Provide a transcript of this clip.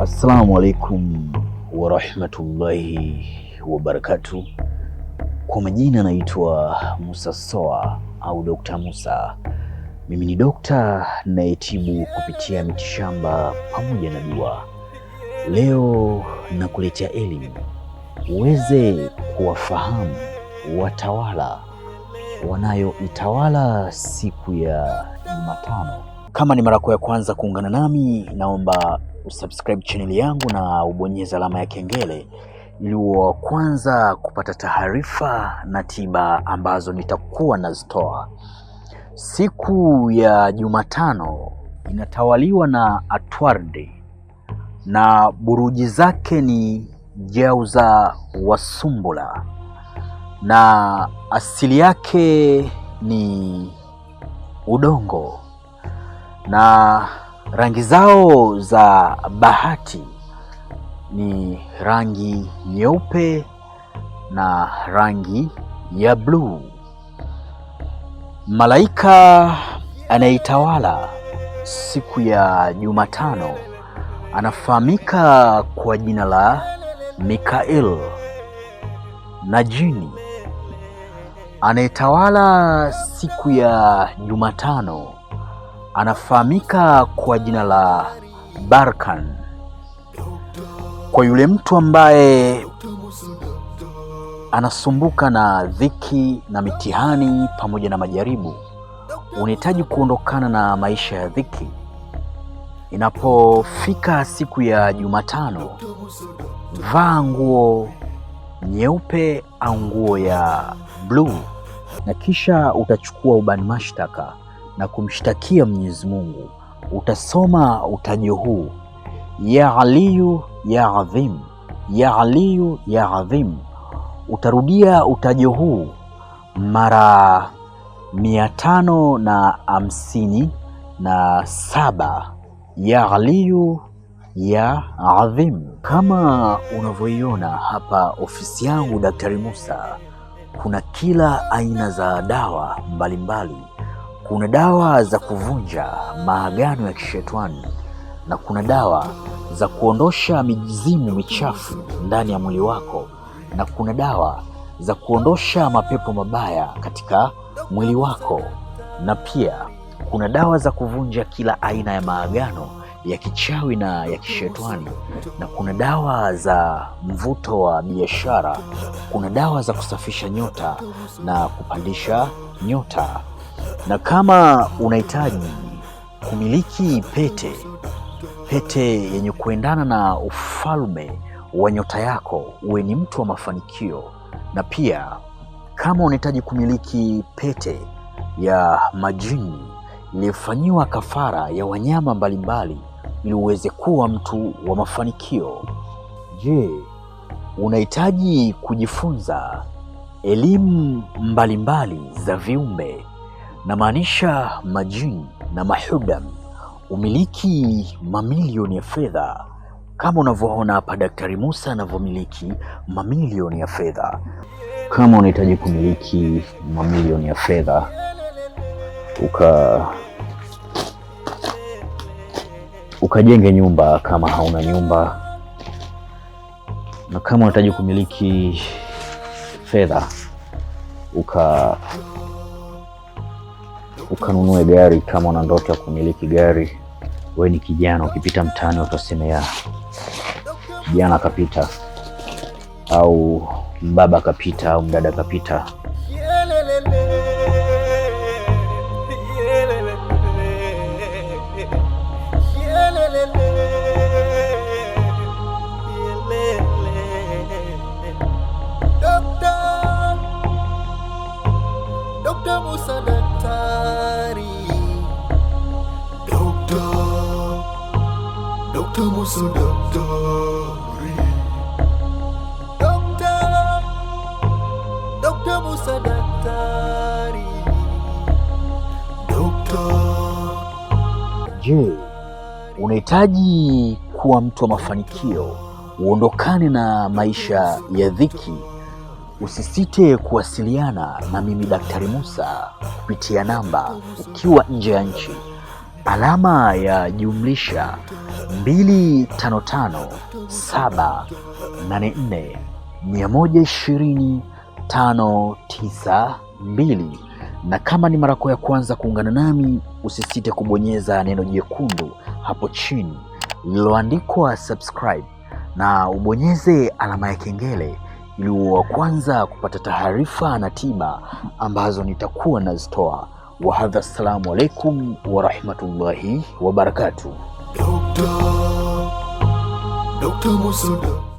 Assalamu alaikum warahmatullahi wabarakatu. Kwa majina naitwa Musa Soa au Dokta Musa. Mimi ni dokta nayetibu kupitia mitishamba pamoja na dua. Leo nakuletea elimu uweze kuwafahamu watawala wanayoitawala siku ya Jumatano. Kama ni mara yako ya kwanza kuungana nami, naomba usubscribe chaneli yangu na ubonyeza alama ya kengele ili wa kwanza kupata taarifa na tiba ambazo nitakuwa nazitoa. Siku ya Jumatano inatawaliwa na Atwardi na buruji zake ni jeuza wa Sumbula na asili yake ni udongo na Rangi zao za bahati ni rangi nyeupe na rangi ya bluu. Malaika anayetawala siku ya Jumatano anafahamika kwa jina la Mikael, na jini anayetawala siku ya Jumatano anafahamika kwa jina la Barkan, kwa yule mtu ambaye anasumbuka na dhiki na mitihani pamoja na majaribu. Unahitaji kuondokana na maisha ya dhiki. Inapofika siku ya Jumatano, vaa nguo nyeupe au nguo ya bluu, na kisha utachukua ubani mashtaka na kumshtakia Mwenyezi Mungu, utasoma utajo huu ya aliyu ya adhim, ya aliyu ya adhim. Utarudia utajo huu mara mia tano na hamsini na saba ya aliyu ya adhim. Kama unavyoiona hapa ofisi yangu Daktari Musa, kuna kila aina za dawa mbalimbali mbali. Kuna dawa za kuvunja maagano ya kishetani na kuna dawa za kuondosha mizimu michafu ndani ya mwili wako na kuna dawa za kuondosha mapepo mabaya katika mwili wako na pia kuna dawa za kuvunja kila aina ya maagano ya kichawi na ya kishetani, na kuna dawa za mvuto wa biashara, kuna dawa za kusafisha nyota na kupandisha nyota na kama unahitaji kumiliki pete, pete yenye kuendana na ufalme wa nyota yako, uwe ni mtu wa mafanikio. Na pia kama unahitaji kumiliki pete ya majini iliyofanyiwa kafara ya wanyama mbalimbali ili uweze kuwa mtu wa mafanikio. Je, unahitaji kujifunza elimu mbalimbali za viumbe namaanisha majini na mahudam umiliki mamilioni ya fedha kama unavyoona hapa, Daktari Musa anavyomiliki mamilioni ya fedha. Kama unahitaji kumiliki mamilioni ya fedha uka ukajenge nyumba kama hauna nyumba, na kama unahitaji kumiliki fedha uka ukanunue gari kama una ndoto ya kumiliki gari. We ni kijana, ukipita mtaani utasemea kijana kapita, au mbaba kapita, au mdada kapita. Dr. Musa Daktari, Je, unahitaji kuwa mtu wa mafanikio, uondokane na maisha ya dhiki Usisite kuwasiliana na mimi Daktari Musa kupitia namba ukiwa nje ya nchi alama ya jumlisha 255784120592 na kama ni mara yako ya kwanza kuungana nami, usisite kubonyeza neno jekundu hapo chini lililoandikwa subscribe na ubonyeze alama ya kengele ili uwe wa kwanza kupata taarifa na tiba ambazo nitakuwa nazitoa. Wahadha, assalamu alaikum warahmatullahi wabarakatuh. Dr. Dr.